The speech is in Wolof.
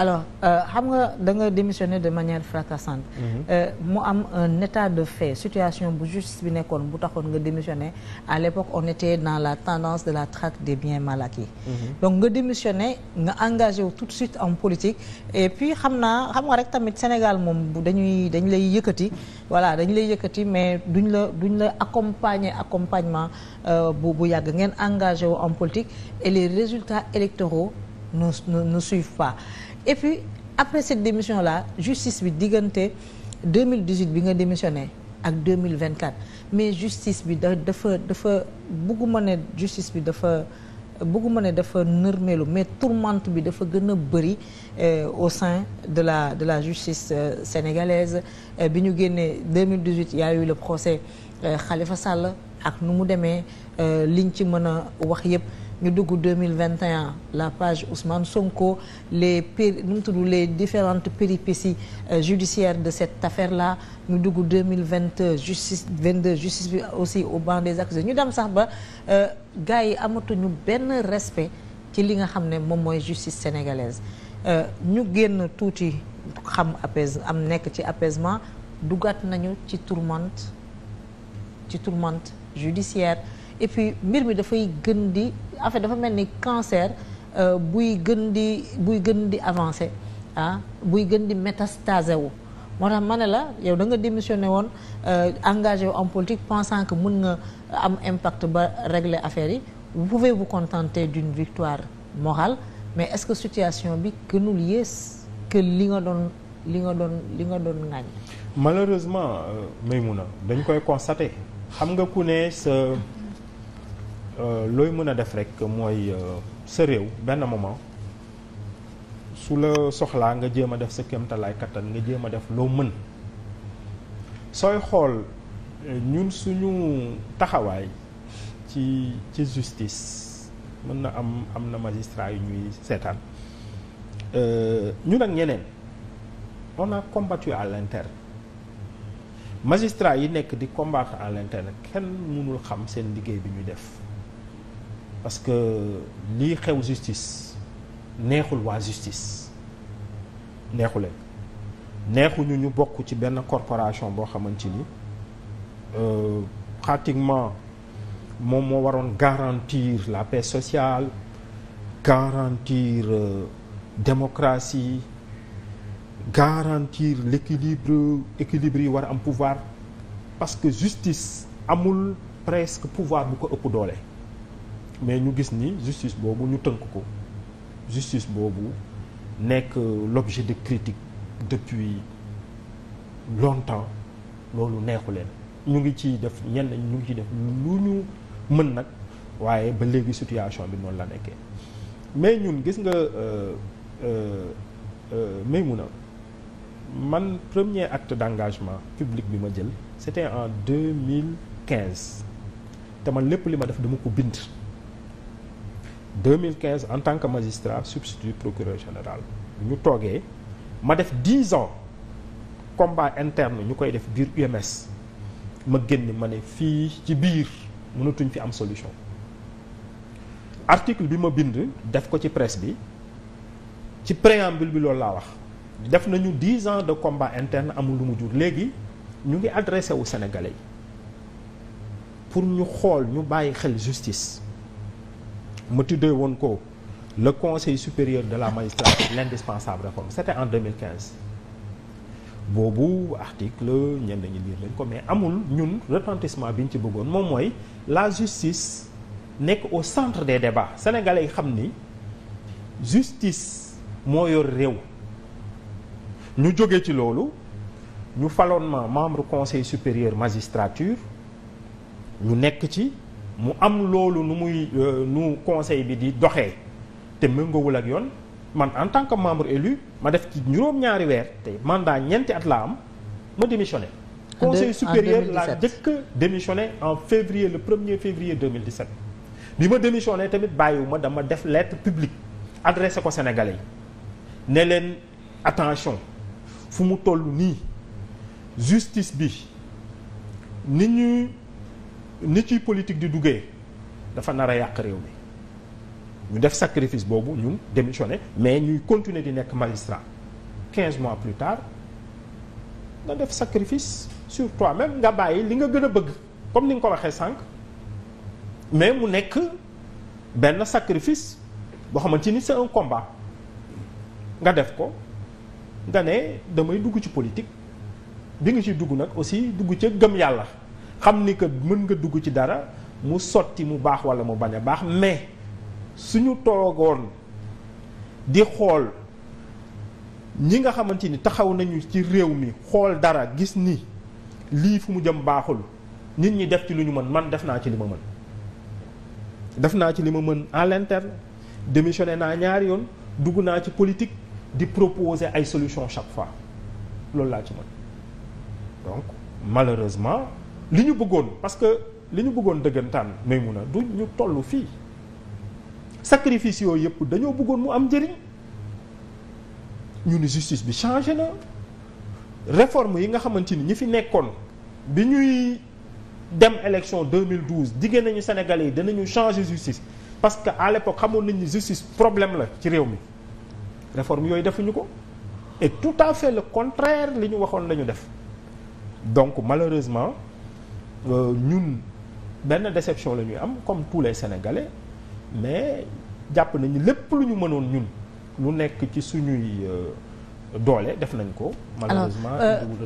alors euh, xam nga da nga démissionné de manière fracassante. Mhm. Euh, mu am un état de fait situation bu justice bi nekkoon bu taxoon nga démissionné à l'époque on était dans la tendance de la traque des biens mal acquis. Mhm. donc nga démissionné nga engagé wu tout de suite en politique et puis xam naa xam nga rek tamit Sénégal moom dañuy dañ lay yëkkati voilà dañ lay yëkkati mais duñ la duñ la accompagner accompagnement euh, bu bu yàgg ngeen engagé wu en politique et les résultat électoraux ne ne ne suivent et puis après cette démission là justice bi diggante 2018 bi nga démissionné ak 2024 mais justice bi da dafa dafa bëgguma ne justice bi dafa bëgguma ne dafa nërmeelu mais tourmente bi dafa gën a bëri euh, au sein de la de la justice euh, sénégalaise euh, bi ñu génnee 2018 y a eu le procès euh, Khalifa Sall ak nu mu demee liñ ci mën a wax yépp ñu dugg 2021 la page Ousmane Sonko les péri nu mu tudd les différentes péripéties euh, judiciaires de cette affaire la ñu dugg 2022 justice 22 justice bi aussi au banc des accusés ñu dem sax ba euh, gars yi amatuñu benn respect ci li nga xam ne moom mooy justice sénégalaise euh, ñu génn tuuti xam apaise am nekk ci apaisement duggaat nañu ci tourmente ci tourmente judiciaire et puis mbir mi dafay gën di en dafa mel ni cancer euh, buy gën di buy gën di avancé ah buy gën di métastasé wu moo tax ma ne la yow da nga démissionné woon euh, engagé wu en politique pensant que mun nga am impact ba régler affaire yi vous pouvez vous contenter d'une victoire morale mais est-ce que situation bi gënul yées kë li nga doon li nga doon li nga doon ŋaañ. malheureusement euh, Maymouna dañ koy constater xam nga ku ne sa. Euh, looy mën a def rek mooy euh, sa réew benn moment su la soxlaa nga jéem a def sa kéemtalaay kattan nga jéem a def loo mën sooy xool euh, ñun suñu taxawaay ci ci justice mën na am am na magistrat yu ñuy seetaan ñun ak ñeneen on a combattu à l'interne magistrat yi nekk di combattre à l'interne kenn mënul xam seen liggéey bi ñu def parce que lii xew justice neexul waa justice neexu leen neexuñu ñu bokk ci benn corporation boo xamante ni euh, pratiquement moom moo waroon garantir la paix sociale garantir euh, démocratie garantir l'équilibre équilibre yi war a am pouvoir parce que justice amul presque pouvoir bu ko ëpp doole mais ñu gis ni justice boobu ñu tënk ko justice boobu nekk euh, l'objet de critique depuis longtemps loolu neexu leen ñu ngi ci def ñenn ñu ngi ciy def lu ñu mën nag waaye ba léegi situation bi noonu la nekkee mais ñun gis nga euh, euh, Maïmouna man premier acte d'engagement publique bi ma jël c'était en 2015 te man lépp li ma def dama ko bind 2015 en tant que magistrat substitut procureur général ñu toogee ma def 10 ans combat interne ñu koy def biir UMS ma génn ma ne fii ci biir mënatuñ fi am solution article bi ma bind def ko ci presse bi ci préambule bi loolu laa wax def nañu 10 ans de combat interne amul lu mu jur léegi ñu ngi adressé wu Sénégalais yi pour ñu xool ñu bàyyi xel justice ma tuddee woon ko le conseil supérieur de la magistrature l'indispensable réforme c'était en 2015 boobu article ñenn ñi lire lañ ko mais amul ñun retentissement bi ñu ci bëggoon moom mooy la justice nekk au centre des débats sénégalais yi xam ni justice moo yor réew ñu jóge ci loolu ñu faloon ma membre conseil supérieur magistrature ñu nekk ci mu am loolu nu muy euh, nu conseil bi di doxee te méngoowul ak yoon man en tant que membre élu ma def ci juróom-ñaari weer te mandat ñeenti at la am ma démissionné conseil supérieur laa jëkk démissionné en février le 1er février 2017 bi ma démissionné tamit bàyyiwuma dama def lettre publique adressé ko Sénégalais yi ne leen attention fu mu toll nii justice bi ni ñu ni ci politique di duggee dafa nar a yàq réew mi ñu def sacrifice boobu ñun démissionné mais ñuy continuer di nekk magistrat quinze mois plus tard nga def sacrifice sur toi-même nga bàyyi li nga gën a bëgg comme ni nga ko waxee sànq mais mu nekk benn sacrifice boo xamante ni c'est un combat nga def ko nga ne damay dugg ci politique bi nga ci dugg nag aussi dugg ca gëm yàlla xam ni que mën nga dugg ci dara mu sotti mu baax wala mu bañ a baax mais suñu toogoon di xool ñi nga xamante ni taxaw nañu ci réew mi xool dara gis ni lii fu mu jëm baaxul nit ñi def ci lu ñu mën man def naa ci li ma mën def naa ci li ma mën à l'interne démissionné naa ñaari yoon dugg naa ci politique di proposer ay solutions chaque fois loolu laa ci mën donc malheureusement li ñu bëggoon parce que li ñu bëggoon dëggantaan a du ñu toll fii sacrifice yooyu yëpp dañoo bëggoon mu am njëriñ ñu ni justice bi changé na réforme yi nga xamante ni ñi fi nekkoon bi ñuy dem élection 2012 diggé nañu Sénégalais yi danañu changer justice parce que à l'époque xamoon nañ ni justice problème la ci réew mi réforme yooyu defuñu ko et tout à fait le contraire li ñu waxoon la ñu def donc malheureusement Euh, ñun benn déception la ñuy am comme tous les mais jàpp nañu lépp lu ñu mënoon ñun lu nekk ci suñuy euh, doole def nañ ko. malheureusement. Euh,